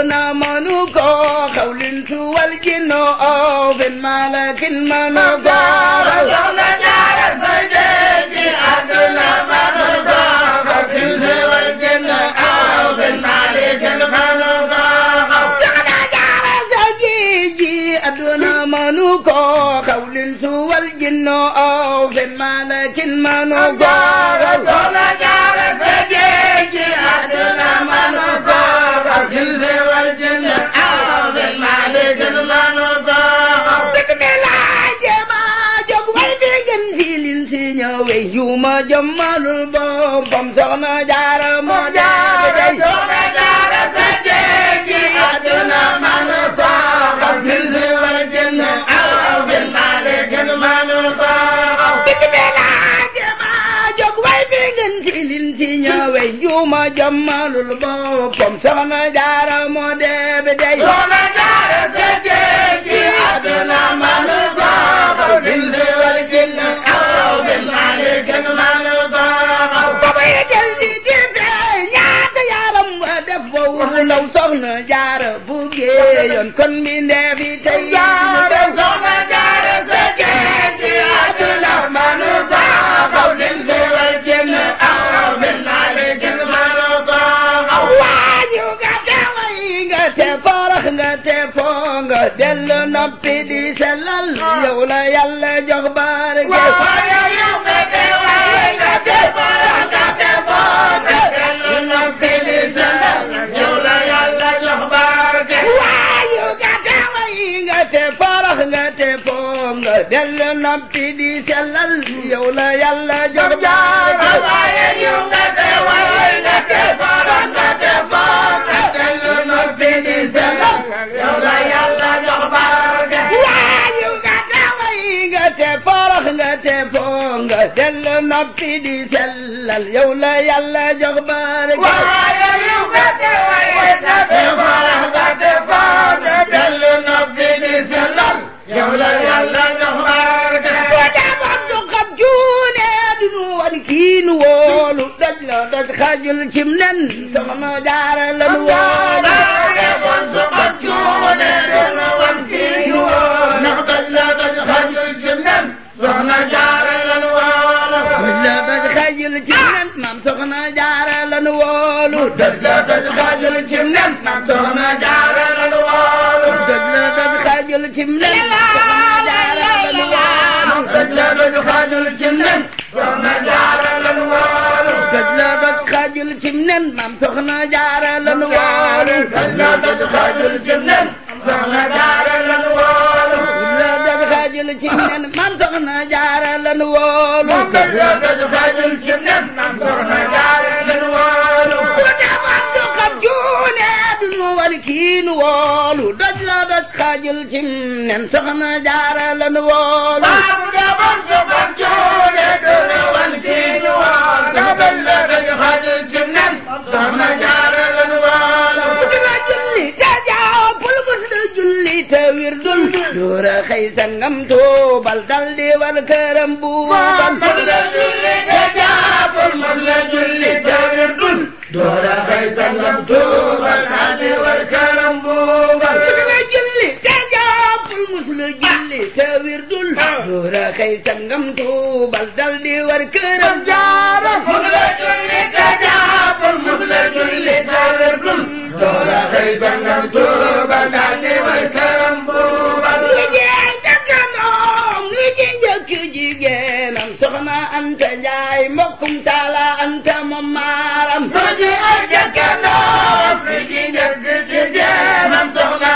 ولنا منوكو قول والجن أو في الملك المنوكو رزقنا دار الفجاج عدنا منوكو قول والجن أو في الملك المنوكو رزقنا دار الفجاج عدنا منوكو قول والجن أو في الملك المنوكو moo jommalul boppam soxna jaara moo deebi dey soxna jaara seetee ci àdduna manul baaxaw bindi wal jinn aw bi malikin manul baaxaw baba yi jël di jibee ñaata yaram wa def wa wulaw soxna jaara buggee yoon kon binde saarax ah. nga te foo nga dellu noppi di sellal yow la yàlla jox barke dellu noppi di sellal yow la yàlla jox barke jox barke waayu nga daway nga te forox nga te foo nga sell noppi di sellal yow la yàlla jox barke waayu nga daway nga te forox nga te foo nga sell noppi di sellal yow la yàlla jox barke kiin woolu daj la daj xajul cim nen soxna jaara la woolu dëgg xaajul cim nen. maam soxna jaara la lu woon. dëgg la dëgg xaajul cim nen. soxna jaara la lu woon. dëgg la dëgg xaajul cim nen. soxna jaara la lu woon. dëgg la dëgg xaajul cim nen. maam soxna jaara la lu woon. dëgg la dëgg xaajul cim nen. soxna jaara la lu woon. dëgg la dëgg xaajul cim nen. maam soxna jaara la lu woon. dëgg la dëgg xaajul cim nen. maam soxna jaara nu war kii nu woolu doj la doj xaajul cim nen soxna jaara la nu woolu waaw jaban soxan cuune du nu war kii nu woolu doj la doj xaajul cim nen soxna jaara la nu woolu du na julli te jaaw pul mus na julli te wir dul duura xëy sangam tuubal dal di war këram buubal pul na julli te jaaw kon man la doora bay sangam tuubal war karam buubal war ah. ah. këram doora xëy sangam tuubal war këram soxna Anta Njaay mbokkum taala Anta moom maaram lu ci ay jëkkandoom lu ci njëkk ci jéemam soxna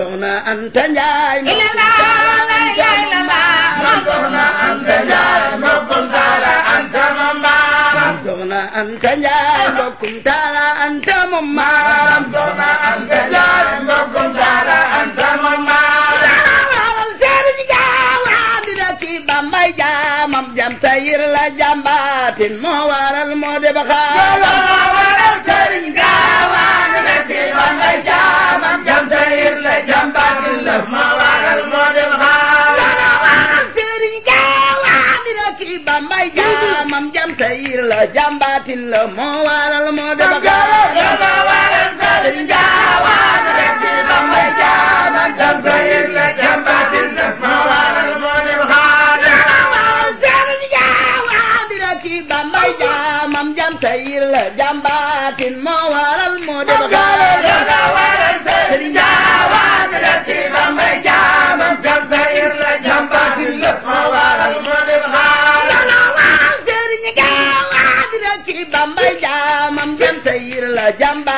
soxna Anta Njaay ma soxna Anta Njaay mbokkum taala Anta mamba soxna Anta Njaay mbokkum taala Anta mamba soxna Anta Njaay mbokkum taala Anta mamba waral seeru ci gaawandi na ci Bambay jaamam jam sayir la jambaatin moo waral moo de baxaar tayir la jàmbaatin la moo waral moo def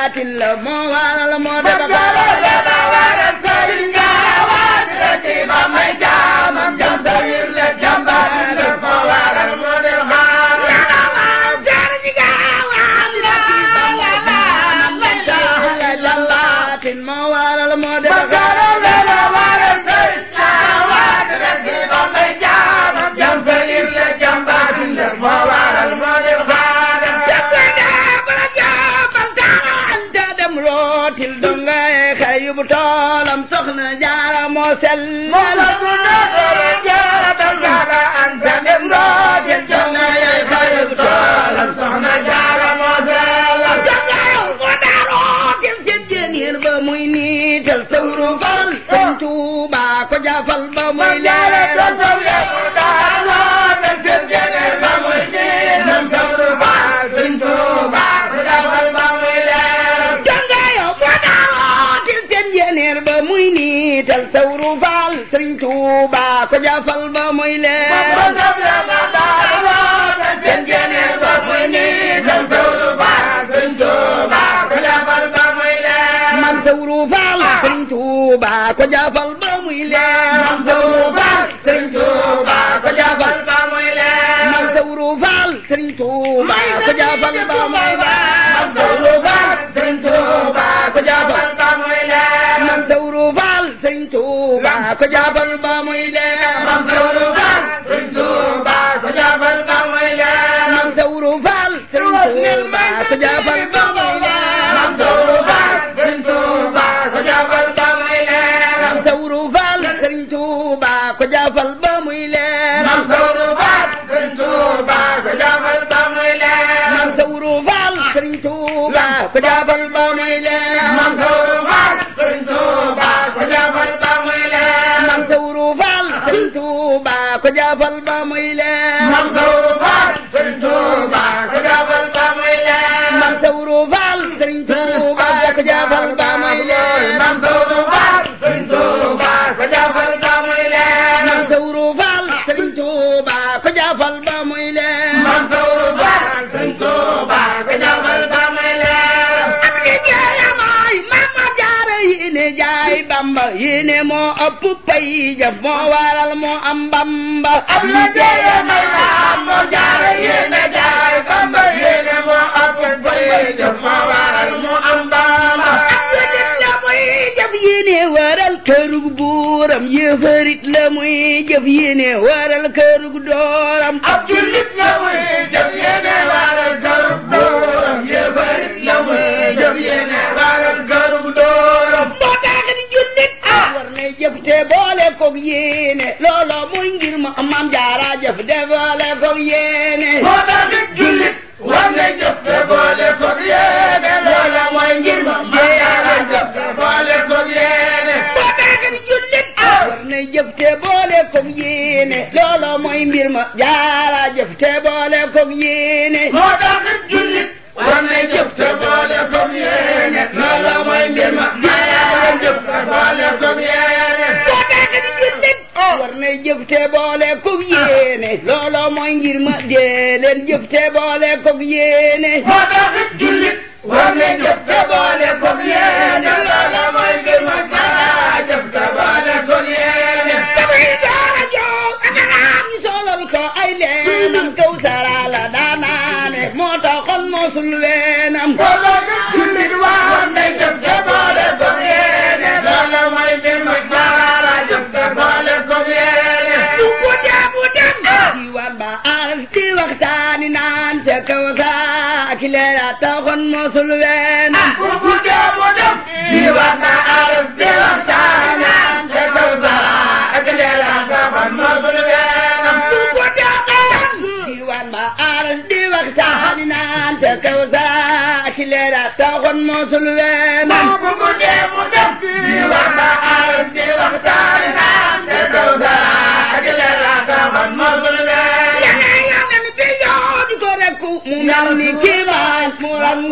baatin la moo waral وسلم Awru Faal Sëriñ Tuuba ko jafal ba muy leer ba dab yàlla daara ba seen geneel ba muy nii dal Awru Faal Sëriñ Tuuba ko jafal ba muy leer man Awru Faal Sëriñ Tuuba ko jafal ba muy leer man Awru Faal Sëriñ Tuuba ko jafal ba muy leer man Awru Faal Sëriñ Tuuba ko jafal ba muy leer Sëriñ Tuuba ko jaabal ba muy leer Maam Sawru Faal Sëriñ Tuuba ko jaabal ba muy leer Maam Sawru Faal Sëriñ Tuuba ko jaabal ba muy leer Maam Sawru Faal Sëriñ Tuuba ko jaabal mooy bamba yéene moo ëpp pay jëf moo waral moo am bamba ab la jëye may la am moo jaare yéene jaare bamba yéene moo ëpp pay jëf moo waral moo am bamba ab la jëf la muy jëf yéene waral kërug buuram yëfarit la muy jëf yéene waral kërug dooram ab la muy te boole koog yéen ngir ma dee leen jëf te boole koog yéene. moo tax it jullit war nañ jëf. moosul ween ku dee mu di war na di war taanaan te kaw sara ak leela taxoon moosul ween ku dee di war na di war taanaan te kaw sara ak leela taxoon moosul ween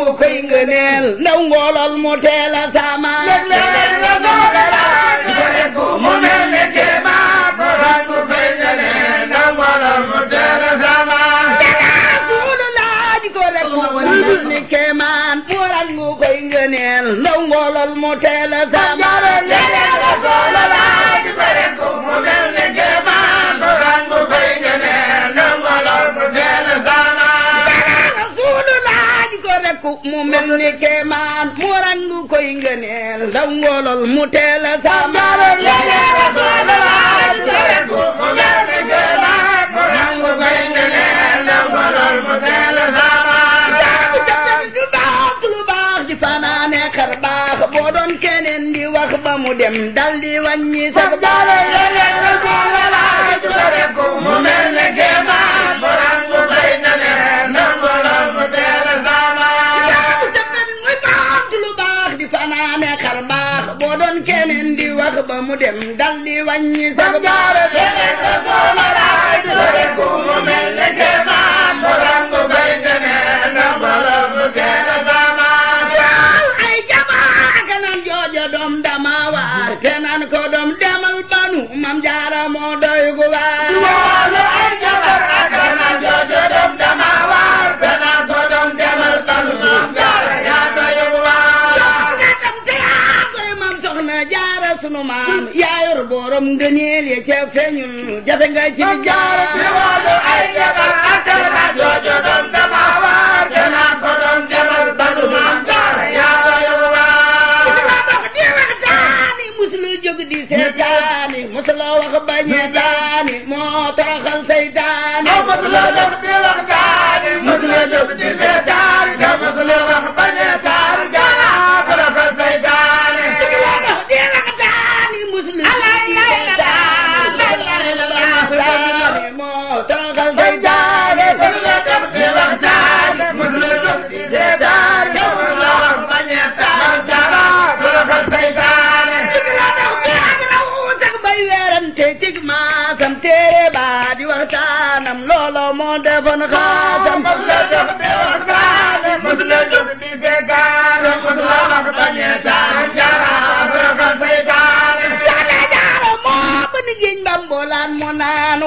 mu koy ngëneel ndaw ngoolal mu teel a saamaan daw ngóolol mu teel a sàmbaroon la ne rasulalaay jërëjëf mu mel ni gëlaat mu nangu koy ngëneel daw ngóolol mu teel a sàmbaroon jàpp lu baax lu baax di fanaane xar baax boo doon keneen di wax ba mu dem dal di wàññi sax dara ngëneel ya ca feeñul jafe nga ci jaar ci wàllu ay jabar ak jabar jooju doom dama waar danaa ko doon jabar ba du ma jaar yaa doy waar dama di waxtaani musulul jóg di seetaani musuloo wax bañetaani moo toroxal seytaani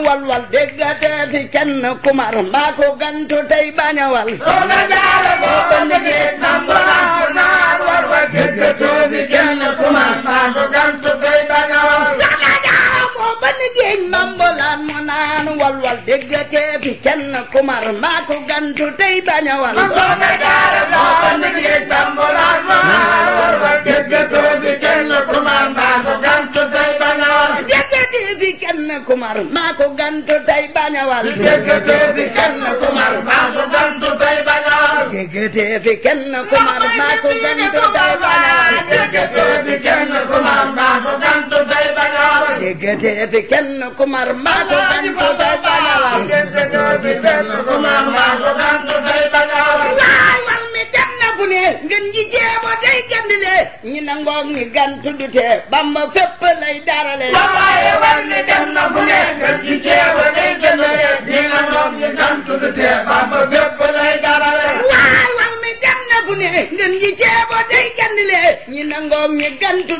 walwal déggate fi kenn kumar maa ko gantu tey bañawal soxna jaara boo ko liggéey nambolaan naan walwal déggate fi kenn kumar maa ko gantu tey bañawal soxna jaara boo ko liggéey nambolaan naan walwal déggatee fi kenn kumar maa ko gantu tey bañ a wal. kumar maa ko gantu tey bañ a wal. déggatee fi kenn kumar maa ko gantu tey bañ a wal. déggatee fi kenn kumar maa ko gantu tey bañ a wal. déggatee fi kenn kumar maa ko gantu déggate ne fi kenn war mi dem na fu ne ngeen ji jéema day gandile ñi nangoog ni gantu bamba fépp lay darale waaye war mi dem na fu ne ngeen ji jéema day gandile ñi nangoog bamba fépp ngeen gi ceebo tey gandile ñi nangoom ñi gantu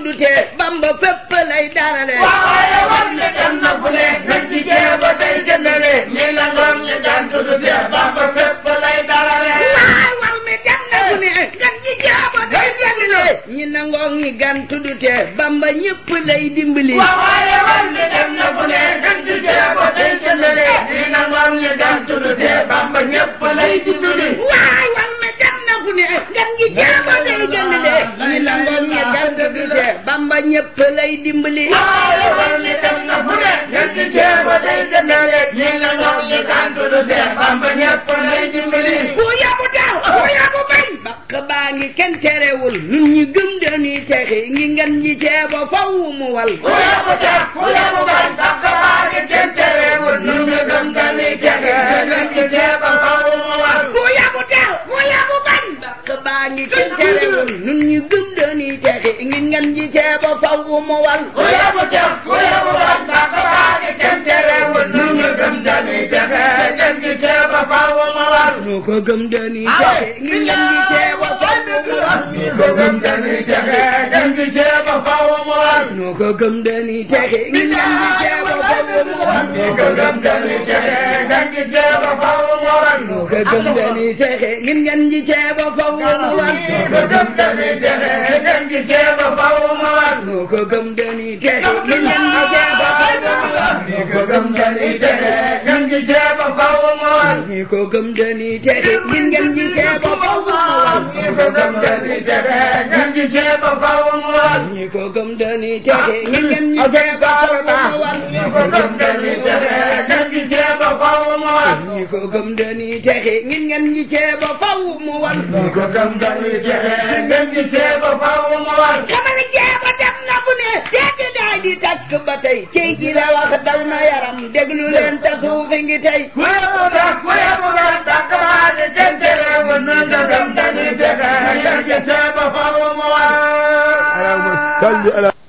na ganna fu ne nag gi ceebo gantu du te bamba fépp lay darale waaye na fu ne gan gi jaama day jënd de ñi nangoo ñi gan gi lay dimbali war ni dem na fu ne gan jënd de ñi nangoo ñi gan de bamba ñëpp lay dimbali ku yabu daaw ku bañ bakk baa ngi kenn terewul ñun ñi gëm dañuy texi ngi ngan ñi ceeba faw mu wal terewul nun ñu gëm dañuy texe ngir ngeen ji ceeba faw mu wal ku yebu ceeb ku yebu wal nu ko gëm dañuy texe ngi ngeen di ceeba faw mu war nu ko gëm dañuy texe ngeen di ceeba faw mu war nu ko gëm dañuy texe ngi ngeen di ceeba faw mu war nu ko gëm dañuy texe texe ngi ngeen di ceeba faw faw mu war ñi ko gëm dañuy tere ngëm ji ceeba faw mool ñi ko gëm dañuy tere ngëm ji ceeba faw mool ñi ko gëm dañuy tere ngëm ji ceeba faw mool ñi ko gëm dañuy tere ngëm ji ceeba faw mool ñi ko gëm dañuy tere ngëm ji ceeba faw mool ñi ko gëm dañuy tere ngëm ji ceeba faw mool ñi ko gëm dañuy tere ngëm ji ceeba faw mool dama ne ceeba dem na bu ne di takk ba tey ci gi la wax dal na yaram déglu leen ta suufi ngi tey ku yemu gas ku yemu gas takk baa di jënte reewu nu ndagam dañuy jege jërëjëf ba fawu mu war